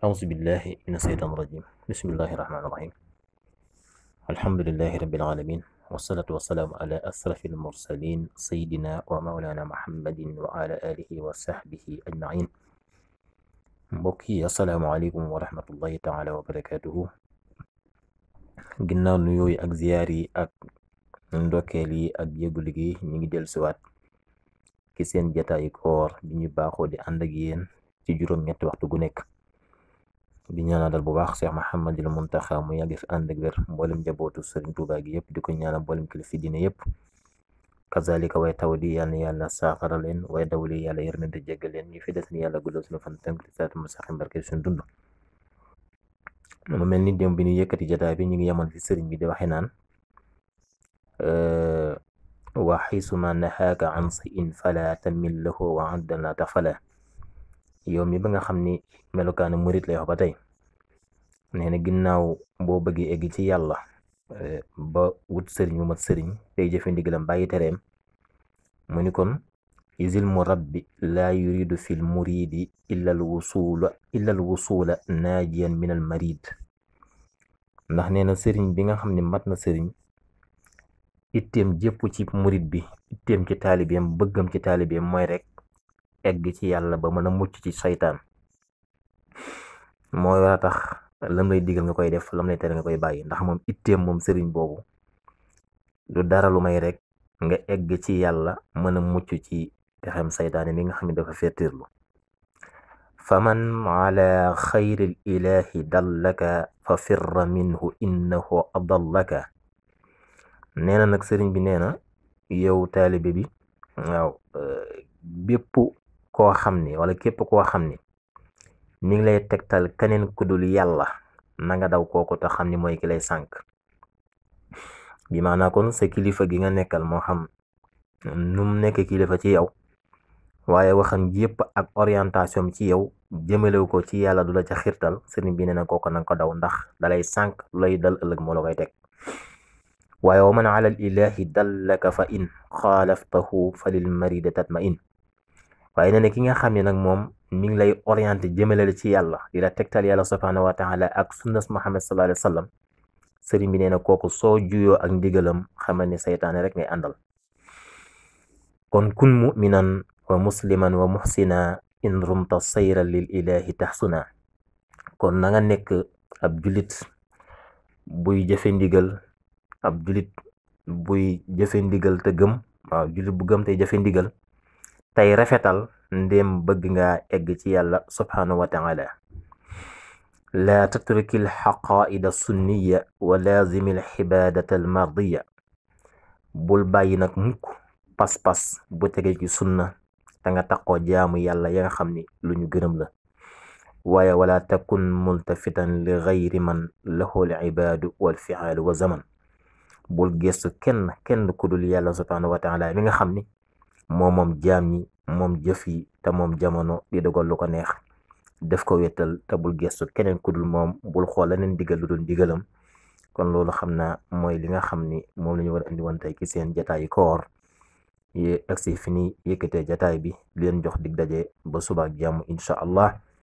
أعوذ بالله من الشيطان الرجيم بسم الله الرحمن الرحيم الحمد لله رب العالمين والصلاة والسلام على أشرف المرسلين سيدنا ومولانا محمد وعلى آله وصحبه أجمعين mbokk yi asalaamaaleykum wa rahmatullahi taala wa barakaatuhu ginnaaw nuyoo yi ak ziyaar yi ak ndokkeel yi ak yëgul gi ñu ngi dellusiwaat ci seen jataayu koor bi ñu baaxoo di ànd ak yéen ci juróom-ñetti waxtu gu nekk di ñaanal bu baax Cheikh Mouhamadul Mountakha mu yàgg fi ànd ak wér mboolem njabootu Serigne Touba gi yëpp di ko ñaanal mboolem kilifa diine yëpp kazalika way taw di yàlla yàlla saafara leen way dawli yàlla yërmande jéggal leen ñu fi des ni yàlla guddal suñu fan tënk di saat mu saxi mbarke suñu mu mel ni démb bi ñu yëkkati jotaay bi ñu ngi yemoon fi sëriñ bi di waxe naan wa xaysuma nahaaka an sayin fala tamil lahu wa addan la tafala yow mi ba nga xam ni melokaanu murit lay wax ba tey nee na ginnaaw boo bëggee egg ci yàlla eh, ba wut sëriñ wu mat sëriñ tey jëfe ndigalam bàyyi mu ni kon isil mu rabbi laa yuridu fil muridi illa al wusula naajiyan min al marid ndax nee na sëriñ bi nga xam ni mat na sëriñ itteem jëpp ci murit bi itteem ci taalibeem bëggam ci taalibeem mooy rek egg ci yàlla ba mën a mucc ci saytaan mooy war a tax lam lay digal nga koy def lam lay tere nga koy bàyyi ndax moom itteem moom sëriñ boobu lu dara lu may rek nga egg ci yàlla mën a mucc ci pexem saytaane mi nga xam ne dafa féetirlu faman ala xayril ilahi dallaka fa firra minhu innahu adallaka nee na nag sëriñ bi nee na yow taalibe bi waaw euh, bépp koo xam ni wala képp koo xam ni mi ngi lay tegtal keneen ku yàlla na nga daw kooku te xam ni mooy ki lay sànq bi maanaa kon sa kilifa gi nga nekkal moo xam nu mu nekk kilifa ci yow waaye waxam yépp ak orientation ci yow jëmalewu ko ci yàlla du la ca xirtal sëriñ bi nee na kooku ko daw ndax dalay sànq lu lay dal ëllëg moo la koy teg waaye wa man ala al ilahi dallaka fa in xaalaftahu fa lil marida tatma waaye nee na ki nga xam ni nag moom mi ngi lay orienté jëmale ci yàlla di la tegtal yàlla subhaanahu wa ak sunnas Muhammad sallallahu alayhi sallam sëriñ bi nee na kooku soo juyoo ak ndigalam xamal ni seytaane rek ngay àndal kon kun muminan wa musliman wa muhsina in rumta sayra lil ilahi taxsuna kon na nekk ab julit buy jëfe ndigal ab julit buy jëfe ndigal te gëm waaw julit bu gëm te jëfe ndigal tey rafetal ndéem bëgg nga egg ci yàlla subhaanahu wa taala laa tatruki alxaqaaida sunniya wa laazimi alxibaadata almardiya bul bàyyi nag mukk pas-pas bu tege ci sunna te nga taqoo jaamu yàlla ya nga xam ni lu ñu gërëm la waaye wala takun multafitan li gayri man lahu alcibaadu walfiaalu wa zaman bul geestu kenn kenn ku dul yàlla subhaanahu wa taala mi nga xam ni moo moom jaam ñi moom jëf yi te moom jamono di dogal lu ko neex def ko wetal te bul gestu keneen ku moom bul xool leneen digal lu dul digalam kon loolu xam naa mooy li nga xam ni moom la ñu war a indi woon tey seen jataayu koor yi agsi fi ni yëkkatee jataay bi leen jox dig daje ba suba ak jàmm incha allah